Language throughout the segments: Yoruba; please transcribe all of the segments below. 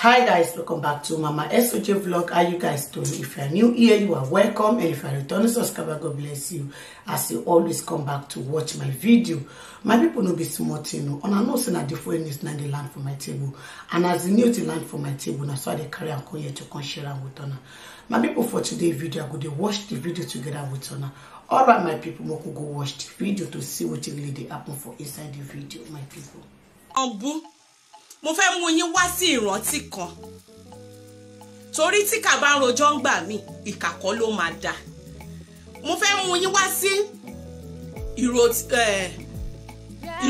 hi guys welcome back to mama soj vlog how you guys doing if you are new here you are welcome and if you are returning subscriber god bless you as you always come back to watch my video my people know be small thing know. and i know say na different news na dey land for my table and as the new dey land for my table na so i dey carry and come here to come share and with una my people for today's video i go to watch the video together with una all right my people make we go watch the video to see what really they happen for inside the video my people. Um, mo fẹ́ mú yín wá sí ìrántí kan torí tí kà bá rojọ́ ń gbà mí ìkà kọ́ ló máa dà mo fẹ́ mú yín wá sí ìrántí kan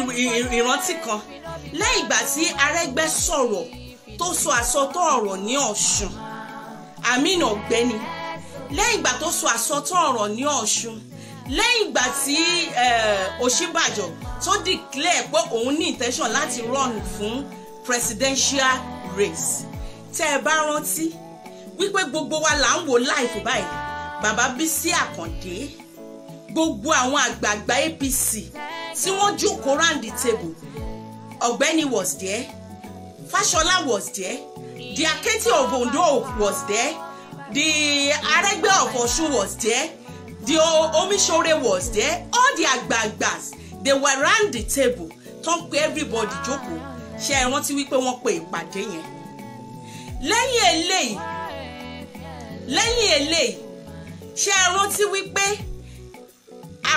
lẹ́yìn ìgbà tí Arẹ́gbẹ́ sọ̀rọ̀ tó sọ àsọtọ́ ọ̀rọ̀ ní Ọ̀ṣun Amina Ọ̀gbẹ́ni lẹ́yìn ìgbà tó sọ àsọtọ́ ọ̀rọ̀ ní Ọ̀ṣun lẹ́yìn ìgbà tí Ọ̀ṣínbàjò tó declare pé òun ní intention láti run fún presidential race tẹ́ ẹ bá rántí wípé gbogbo wa là ń wò láìfò báyìí bàbá Bísí Àkàndé gbogbo àwọn àgbààgbà APC tí wọ́n jókòó round the table Ọ̀gbẹ́ni was there Fashola was there the Akete of Ondo was there the Aregbe of Osun was there the Omishore was there all the agbagbas. they were round the table Talk ń everybody jókòó ṣe é rántí wípé wọ́n pe ìpàdé yẹn lẹ́yìn eléyìí lẹ́yìn eléyìí ṣe é rántí wípé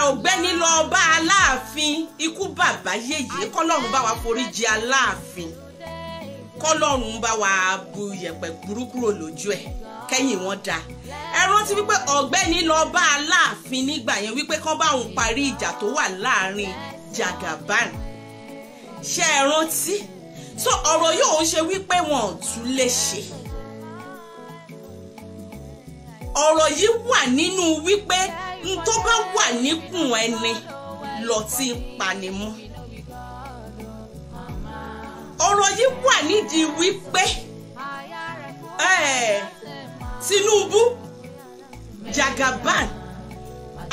ọ̀gbẹ́ni lọ bá aláàfin ikú bàbá yèyé kọ́lọ́run bá wa foríjì aláàfin kọ́lọ́run bá wa bu yẹ̀pẹ̀ burúkú lójú ẹ̀ kẹ́yìn wọn da ẹ rántí wípé ọ̀gbẹ́ni lọ bá aláàfin nígbà yẹn wípé kán bá òun parí ìjà tó wà láàrin Jagaban ṣe é rántí so ọ̀rọ̀ yóò ń ṣe wípé wọn ò tún lè ṣe ọ̀rọ̀ yìí wà nínú wípé n tó bá wà níkùn ẹni lọ ti panimú ọ̀rọ̀ yìí wà nídìí wípé Tinubu Jagaban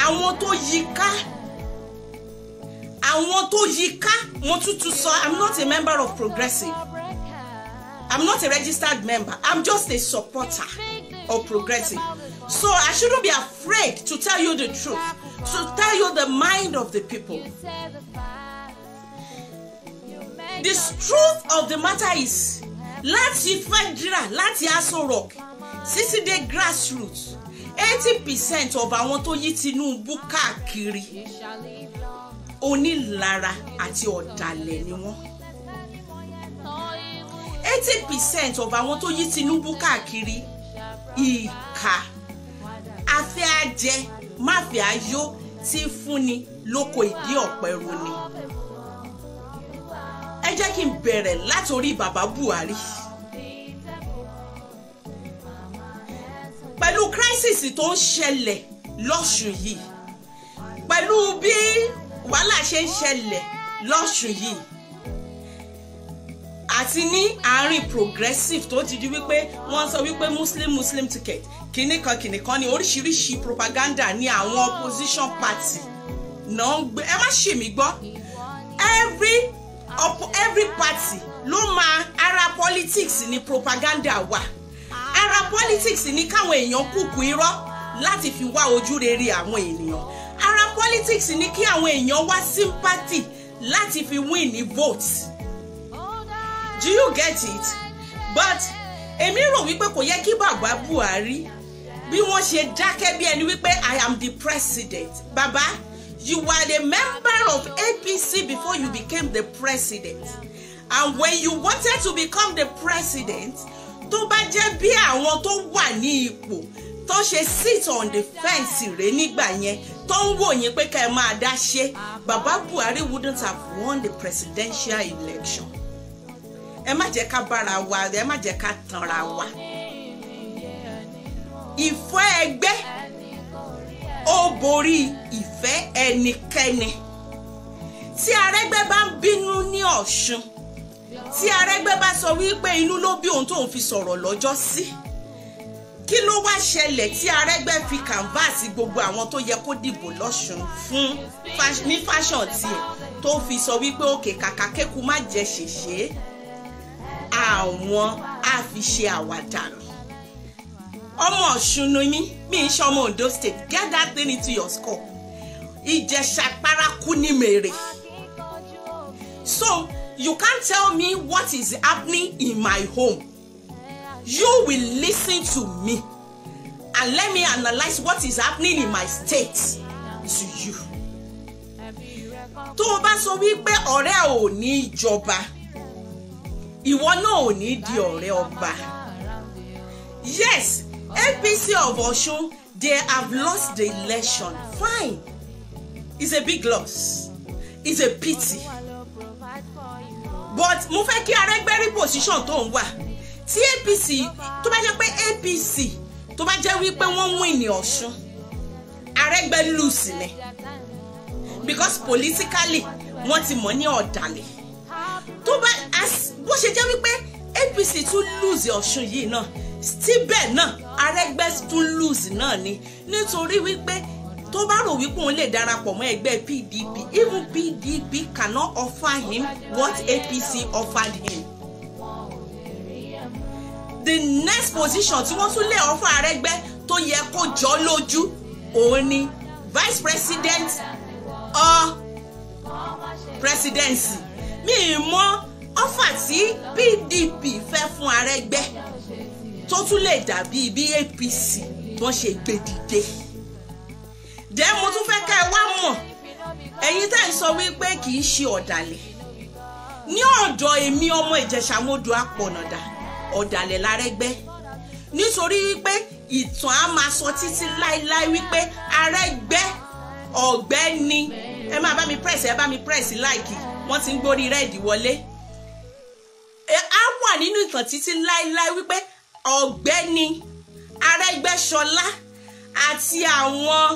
àwọn tó yí ká àwọn tó yí ká mo tútù sọ i'm not a member of progressive i'm not a registered member i'm just a supporter of progressive so i shouldn't be afraid to tell you the truth to tell you the mind of the people the truth of the matter is láti federal láti aso rock sisi de grassroots eighty percent of àwọn tó yí Tinubu káàkiri onílara àti ọ̀dàlẹ̀ ni wọ́n eighty percent of àwọn tó yí Tinubu káàkiri ìka afẹ́ ajẹ máfẹ́ ayó tí ń fúnni lóko ìdí ọ̀pẹ ro ni ẹ jẹ́ kí n bẹ̀rẹ̀ látòrí bàbá Buhari. pẹ̀lú crisis tó ń ṣẹlẹ̀ lọ́sùn yìí pẹ̀lú bí wàhálà ṣe ń ṣẹlẹ̀ lọ́sùn yìí àti ní àárín progressive tó ti di wípé wọ́n sọ wípé muslim muslim ticket kìnnì kan kìnnì kan ní oríṣiríṣi propaganda ní àwọn opposition party náà ń gbé ẹ má ṣe mí gbọ́ every up, every party ló máa ara politics ni propaganda wa. ara politics ni káwọn èèyàn kúkú irọ́ láti fi wá ojú rere àwọn ènìyàn politics ni kí àwọn èèyàn wá sympathy láti fi win ní vote do you get it but èmi rò wípé kò yẹ kí bàbá Buhari bí wọ́n ṣe dákẹ́ bí ẹni wípé I am the president Baba. you were a member of APC before you became the president and when you wanted to become the president tó bá jẹ́ bí àwọn tó wà ní ipò tó ṣe sit on the fence rèé nígbà yẹn tó ń wò yín pé ká ẹ máa dá ṣe bàbá Buhari wouldn't have won the presidential election ẹ má jẹ́ ká bára wa ẹ má jẹ́ ká tanra wa ìfẹ́ ẹgbẹ́ ó borí ìfẹ́ ẹnikẹ́ni tí Arẹ́gbẹ́ bá ń bínú ní Ọ̀ṣun tí Arẹ́gbẹ́ bá sọ wípé inú ló bí òun tóun fi sọ̀rọ̀ lọ́jọ́ sí. Si kí ló wá ṣẹlẹ̀ tí Arẹ́gbẹ́ fi canvas gbogbo àwọn tó yẹ kó dìbò lọ́sùn fún ní fashion tiẹ̀ tó fi sọ wípé òkè kàkà kéku má jẹ ṣèṣe àwọn á fi ṣe àwàdà mi ọmọ Ọ̀ṣun ni mi ń ṣe ọmọ Ondo state get that thing into your skull Ìjẹ̀ṣà paraku ní mèrè so you can't tell me what is happening in my home you will listen to me and let me analyze what is happening in my state to you. tó o bá sọ wípé ọ̀rẹ́ ò ní jọba ìwọ náà ò ní di ọ̀rẹ́ ọba. yes APC of Osun they have lost the election fine it's a big loss it's a pity but mo fẹ́ kí Arẹ́gbẹ́rí position tó ń wà tí APC tó bá jẹ́ pé APC tó bá jẹ́ wípé wọ́n win ní Ọ̀ṣun Arẹ́gbẹ́ lùsì ni because politically wọ́n ti mọ̀ ní ọ̀dàlẹ̀ tó bá bó ṣe jẹ́ wípé APC tún lùsì Ọ̀ṣun yìí náà síbẹ̀ náà Arẹ́gbẹ́ tún lùsì náà ni nítorí wípé tó bá rò wípé òun lè darapọ̀ mọ́ ẹgbẹ́ PDP even PDP cannot offer him what APC offered him the next position tí wọ́n tún lè offer Arẹ́gbẹ́ tó yẹ kó jọ lójú òun ni vice president or presidency mi mọ offer tí PDP fẹ́ fún Arẹ́gbẹ́ tó tún lè dàbí bí APC tó ṣe gbé dìde dẹ́ mo tún fẹ́ ká ẹ wá mọ̀ ẹ̀yin tá ì sọ wípé kì í ṣe ọ̀dàlẹ̀ ní ọ̀dọ̀ èmi ọmọ Ìjẹ̀ṣà mo dùn àpọ̀nàdà ọ̀dàlẹ̀ lárẹ́gbẹ́ nítorí wípé ìtàn á máa sọ títí láéláé wípé arẹ́gbẹ́ ọ̀gbẹ́ni ẹ máa bá mi press ẹ bá mi press like wọ́n ti ń gbórí rẹ́ẹ̀dì wọlé á wà nínú ìtàn títí láéláé wípé ọ̀gbẹ́ni arẹ́gbẹ́ṣọlá àti àwọn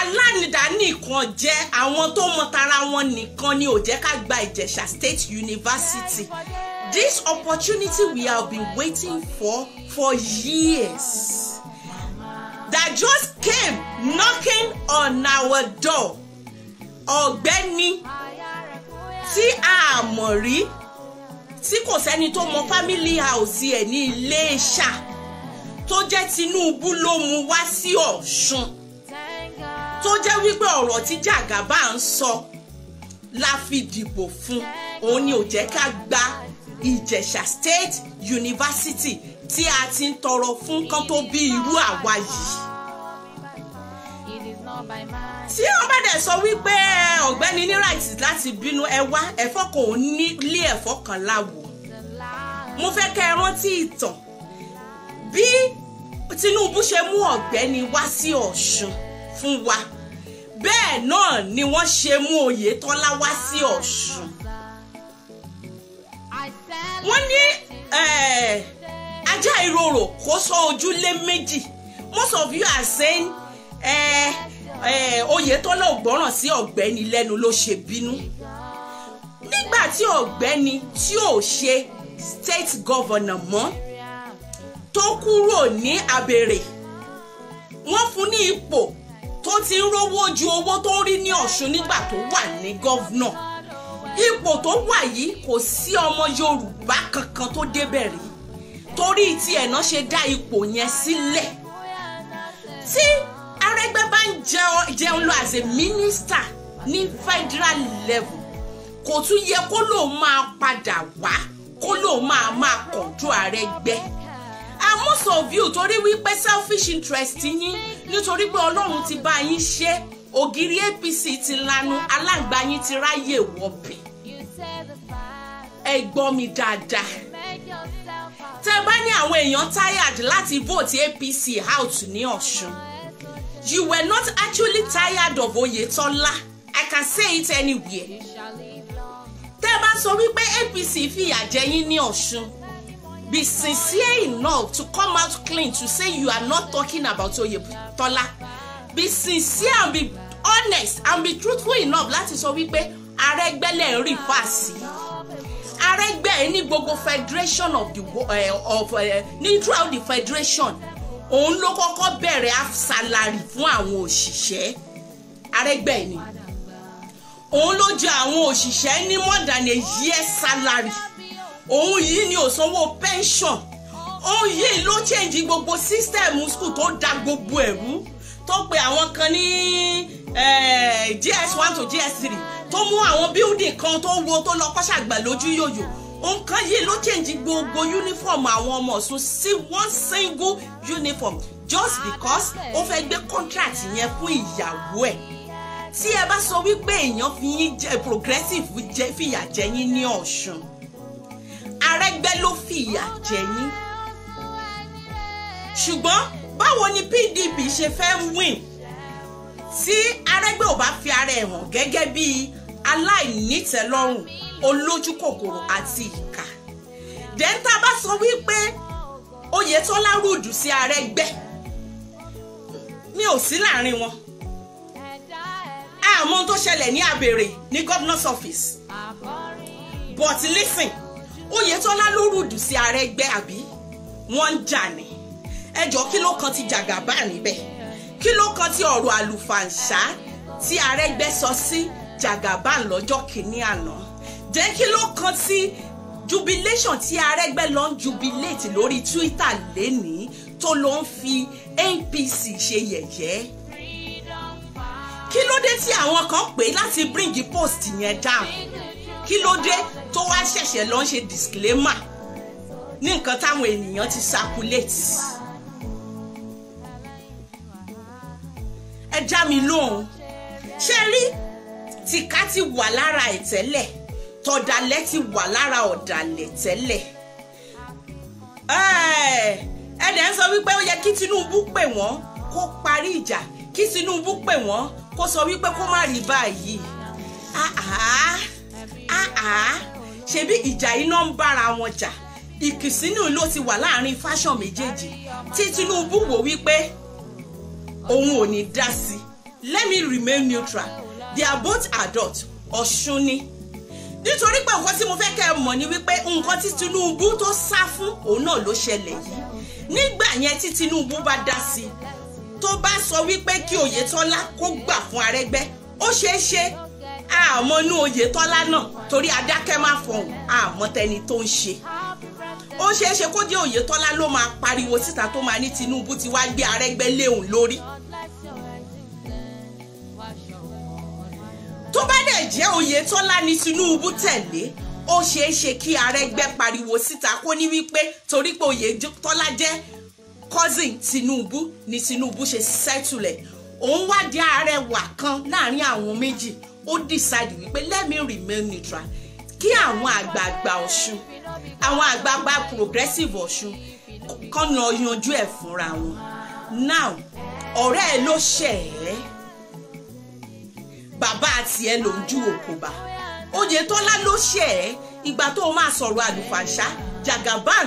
alánidánìkan jẹ́ àwọn tó mọ tara wọn nìkan ni ò jẹ́ ká gba ìjẹ̀ṣà state university. Yeah, This opportunity we have been waiting for for years that just came knocking on our door. Ọ̀gbẹ́ni tí a mọ̀ rí tí kò sẹ́ni tó mọ family house ẹ̀ ní Iléṣà tó jẹ́ Tinubu ló mú wá sí Ọ̀ṣun tó jẹ́ wípé ọ̀rọ̀ tí Jàgàbá ń sọ la fi dìbò fún òun ni ò jẹ́ ká gbà Ìjẹ̀ṣà State University tí a ti ń tọrọ fún kán tó bí irú àwa yìí. tí wọ́n bá dẹ̀ sọ wípé ọ̀gbẹ́ni ní right láti bínú ẹ wá ẹ̀fọ́ kò ní lé ẹ̀fọ́ kan láwo mo fẹ́ kẹ́ ẹ rántí ìtàn bí Tinubu ṣe mú ọ̀gbẹ́ni wá sí Ọ̀ṣun fún wa bẹ́ẹ̀ náà ni wọ́n ṣe mú Oyètọ́lá wá sí Ọ̀ṣun wọ́n ní eh, ajá ìrorò kò sọ ojúlé méjì most of you are saying eh, eh, Oyètọ́lá ògbọ́ràn sí ọ̀gbẹ́ni lẹ́nu ló ṣe bínú nígbà tí ọ̀gbẹ́ni tí ò ṣe state governor mọ́ tó kúrò ní Abèrè wọ́n fún ní ipò tó ti ń rówó ju owó tó rí ní Ọ̀ṣun nígbà tó wà ní gọ́vnọ̀ ipò tó wà yìí kò sí ọmọ Yorùbá kankan tó débẹ̀ rí torí tí ẹ̀nà ṣe dá ipò yẹn sílẹ̀ tí Arẹ́gbẹ́ bá ń jẹun lọ as a minister ní federal level kò tún yẹ kó lóun máa padà wá kó lóun máa máa kọ̀jú Arẹ́gbẹ́ àmúṣọ view torí wípé selfish interest yín nítorí pé Ọlọ́run ti bá yín ṣe é ògiri APC ti lanu alágbá yín ti ráyè wọ̀bẹ̀ ẹ gbọ́ mi dáadáa tẹ bá ní àwọn èèyàn tired láti vote APC out ní Ọ̀ṣun you were not actually tired of Oyetola I can say it anywhere tẹ bá sọ wípé APC fìyà jẹ yín ní Ọ̀ṣun be sincere enough to come out clean to say you are not talking about Oyetola be sincere and be honest and be truthful enough láti sọ wípé Arẹ́gbẹ́ lẹ̀ ń rí fàásì Arẹ́gbẹ́ ní gbogbo federation of the eh, of uh, ní throughout the federation òun ló kọ́kọ́ bẹ̀rẹ̀ salary fún àwọn òṣìṣẹ́ Arẹ́gbẹ́ ni òun ló jẹ àwọn òṣìṣẹ́ ní more than a year salary òun yìí ni ò pension òun yìí ló change gbogbo sísítẹ̀mù skul tó da gbogbo ẹ̀rú. E tó pe àwọn kan ní eh, GS one to GS three tó mú àwọn building kan tó wo tó lọ kọ́ṣàgbà lójú yòyò nǹkan yìí ló change gbogbo uniform àwọn ọmọ Ọ̀ṣun sí one single uniform just because ó fẹ́ gbé contract yẹn fún ìyàwó ẹ̀ tí ẹ bá sọ wípé èèyàn fi yín jẹ progressive jẹ fìyà jẹ yín ní Ọ̀ṣun Arẹ́gbẹ́ ló fìyà jẹ yín ṣùgbọ́n báwo ni PDP ṣe fẹ́ win tí Arẹ́gbẹ́ ò bá fi ara ẹ̀ hàn gẹ́gẹ́ bí aláìnítẹ́lọ́rùn olójú kòkòrò àti ìkà dẹ́ńtà bá sọ wípé Oyètọ́lá rúdù sí Arẹ́gbẹ́ mi ò sí láàrin wọn àmọ́ ohun tó ṣẹlẹ̀ ní Abèrè ní governor's office but listen Oyètọ́lá ló rúdù sí Arẹ́gbẹ́ àbí wọ́n ń jà ní ẹjọ́ kí ló kan ti jàgàbá níbẹ̀ kí ló kan ti ọ̀rọ̀ àlùfàǹṣá tí Arẹ́gbẹ́ sọ sí jàgàbá lọ́jọ́ kìíní àná jẹ́ kí ló kan ti jubilation tí Arẹ́gbẹ́ lọ ń jubilate lórí Twitter lénìí tó ló ń fi NPC ṣe yẹ̀yẹ́ kí ló dé tí àwọn kan pè láti bring post yẹn down kí ló dé tó wá ṣẹ̀ṣẹ̀ lọ ń ṣe disclaimer ní nǹkan táwọn ènìyàn ti circulate. ẹ dá mi lóhùn ṣé rí tìka ti wà lára ẹ̀ tẹ́lẹ̀ tọ̀dàlẹ̀ ti wà lára ọ̀dàlẹ̀ tẹ́lẹ̀ ẹ̀ẹ́dẹ̀ ń sọ wípé ó yẹ kí Tinubu pè wọ́n kó parí ìjà kí Tinubu pè wọ́n kó sọ wípé kó má rí báyìí ṣebí ìjà iná ń bára wọn jà ìkìsínú ló ti wà láàrin fáṣọ méjèèjì tí Tinubu wò wípé òun ò ní dá sí let me remain neutral they are both adults ọ̀ṣun ni nítorí pé nǹkan tí mo fẹ́ kẹ́ ẹ mọ̀ ni wípé nǹkan tí Tinubu tó sá fún òun náà ló ṣẹlẹ̀ yìí nígbà yẹn tí Tinubu bá dá sí tó bá sọ wípé kí Oyètọ́lá kó gbà fún Arẹ́gbẹ́ ó ṣeé ṣe àmọ́ inú Oyètọ́lá náà torí adákẹ́ má fọhùn àmọ́ tẹni tó ń ṣe ó ṣeé ṣe kó jẹ́ Oyètọ́lá ló máa pariwo síta tó máa ní Tinubu ti wá gbé Arẹ́gbẹ́léhùn lórí. tó bá dẹ̀ jẹ́ Oyètọ́lá ni Tinubu tẹ̀lé ó ṣeé ṣe kí Arẹ́gbẹ́ pariwo síta kó ní wípé torí pé Oyètọ́lá jẹ́ cousin Tinubu ni Tinubu ṣe sẹ́tùlẹ̀ òun wá di arẹwà kan láàrin àwọn méjì ó decide wípé let me remain neutral kí àwọn àgbààgbà Ọ̀ṣun àwọn àgbààgbà progressive ọ̀ṣun kàn lọ yanjú ẹ̀ fúnra wọn now ọ̀rẹ́ ẹ ló ṣẹ̀ ẹ́ bàbá àti ẹ ló ń ju òkòbà oyetola ló ṣẹ̀ ẹ́ ìgbà tó o máa sọ̀rọ̀ àlùfàǹṣá jagaban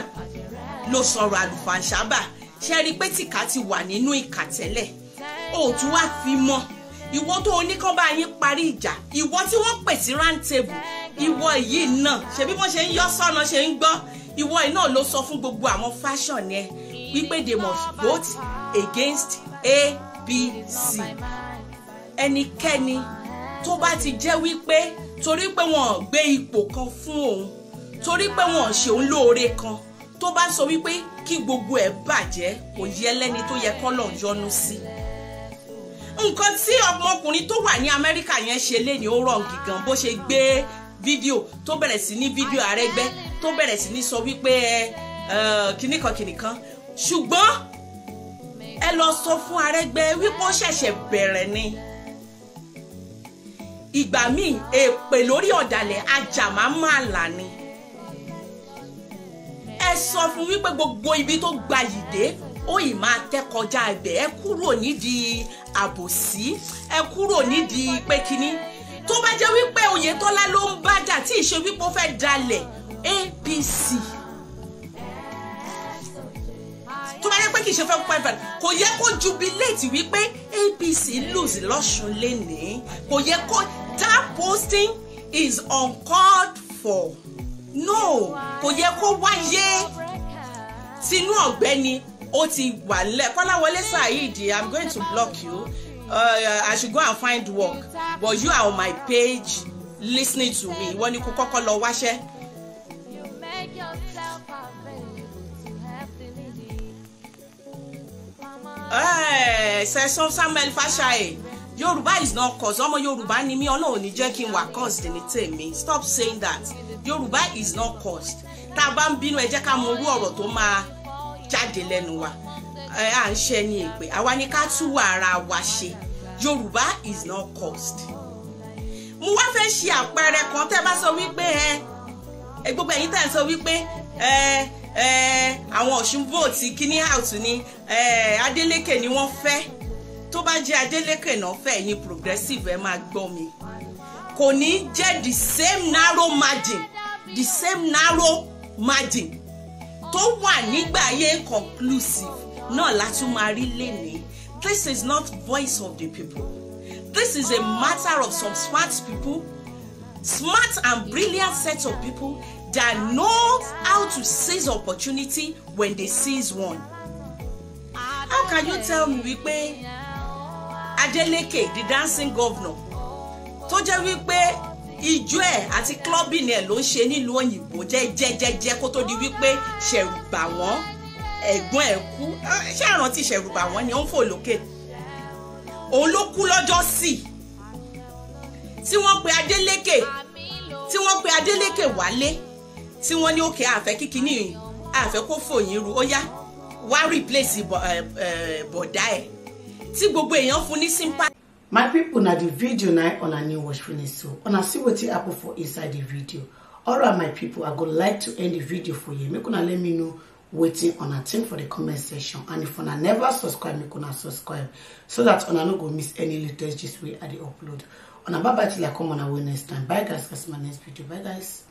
ló sọ̀rọ̀ àlùfàǹṣá bà ṣe rí i pé tìka ti wà nínú ìkà tẹ́lẹ̀ òtún wá fi mọ́ ìwọ tó oníkan bá yín parí ìjà ìwọ tí wọ́n pè sí round table ìwọ yìí náà ṣebí wọ́n ṣe ń yọ sọ́nà ṣe ń gbọ́ ìwọ yìí náà ló sọ fún gbogbo àwọn fashion yẹn wípé they must vote against abc ẹnikẹ́ni tó bá ti jẹ́ wípé torí pé wọ́n gbé ipò kan fún òun torí pé wọ́n ṣe òun lóore kan tó bá sọ wípé kí gbogbo ẹ̀ bàjẹ́ kò yẹ lẹ́ni tó yẹ kọ́lọ̀ yọnu sí. nǹkan tí ọmọkùnrin tó wà ní amẹ́ríkà yẹn ṣe lé ní ó rọ̀ gígan bó ṣe gbé fídíò tó bẹ̀rẹ̀ sí ní fídíò Arẹ́gbẹ́ tó bẹ̀rẹ̀ sí ní sọ wípé ẹ kìnnìkan kìnnìkan ṣùgbọ́n ẹ lọ sọ fún Arẹ́gbẹ́ wípé ó ṣẹ̀ṣẹ̀ bẹ̀rẹ̀ ni ìgbà míì èpè lórí ọ̀dàlẹ̀ ajàmámàlà ni ẹ sọ fún wípé gbogbo ibi tó gba yìí ó yìí máa tẹ́ kọjá ẹ kúrò nídìí àbòsí ẹ kúrò nídìí pé kínní tó bá jẹ́ wípé Oyètọ́lá ló ń bájà tí ìṣe wípé ó fẹ́ dalẹ̀ APC tó bá jẹ́ pé kì í ṣe fẹ́ pẹ́ bẹ̀rẹ̀ kò yẹ kó jubilate wípé APC lose lọ́sùn lénìí kò yẹ kó that posting is uncalled for no kò yẹ kó wáyé tinú ọ̀gbẹ́ni ó ti wà lẹ́ kọ́láwọlé saheed i'm going to block you uh, I should go and find work but you are on my page listening to me ìwọ ni kò kọ́kọ́ lọ wáṣẹ́. Eh, sẹ́sán Samuel Fáṣáyé Yorùbá is not cursed ọmọ Yorùbá ni mí Ọlọ́run ní jẹ́ kí n wà cursed ní tèmi stop saying that Yorùbá is not cursed tá a bá ń bínú ẹ jẹ́ ká mọ orú ọ̀rọ̀ tó máa jáde lẹ́nu wa à ń ṣe ẹni ìpè àwa ni ká tún ara wa ṣe yorùbá is not cost. mo wá fẹ́ ṣe àpẹẹrẹ kan tẹ́ bá sọ wípé ẹ gbogbo ẹ̀yin tẹ́ ń sọ wípé àwọn ọ̀ṣun vóòtì kíní house ni Adeleke ni wọ́n fẹ́ tó bá jẹ́ Adeleke náà fẹ́ ẹ̀yin progressive ẹ máa gbọ́ mi kò ní jẹ́ the same narrow margin the same narrow margin tó wà nígbà yẹn conclusive náà látún máa rí lénìí this is not voice of the people this is a matter of some smart people smart and brilliant set of people that know how to seize opportunity when they seize one how can you tell me wípé Adeleke the dancing governor tó jẹ́ wípé ijó ẹ̀ àti clubbing ẹ̀ ló ń ṣe nílùú òyìnbó jẹ́ jẹ́jẹ́jẹ́ kó tó di wípé ṣẹ̀rù bà wọ́n ẹ̀gbọ́n ẹ̀ kú ah, ṣé àrántí ìṣẹ̀rùbà wọn ni ó ń fò lókè òun ló kú lọ́jọ́ sí tí wọ́n pe Adélékè tí wọ́n pe Adélékè wálé tí wọ́n ní òkè àfẹ́ kíkiní àfẹ́ kó fòyín ru ó yá wá replace eh, eh, bọ̀dá ẹ̀ tí gbogbo èèyàn fún ní sympathy. my pipo na di video na una new watch finish so una see wetin happen for inside di video alright my pipo i go like to end di video for here make una let me know waiting on a thing for the comment section and if una never subscribe make una subscribe so that una no go miss any latest Just wey at the upload una bye bye till i come on our next time bye guys that's my next video bye guys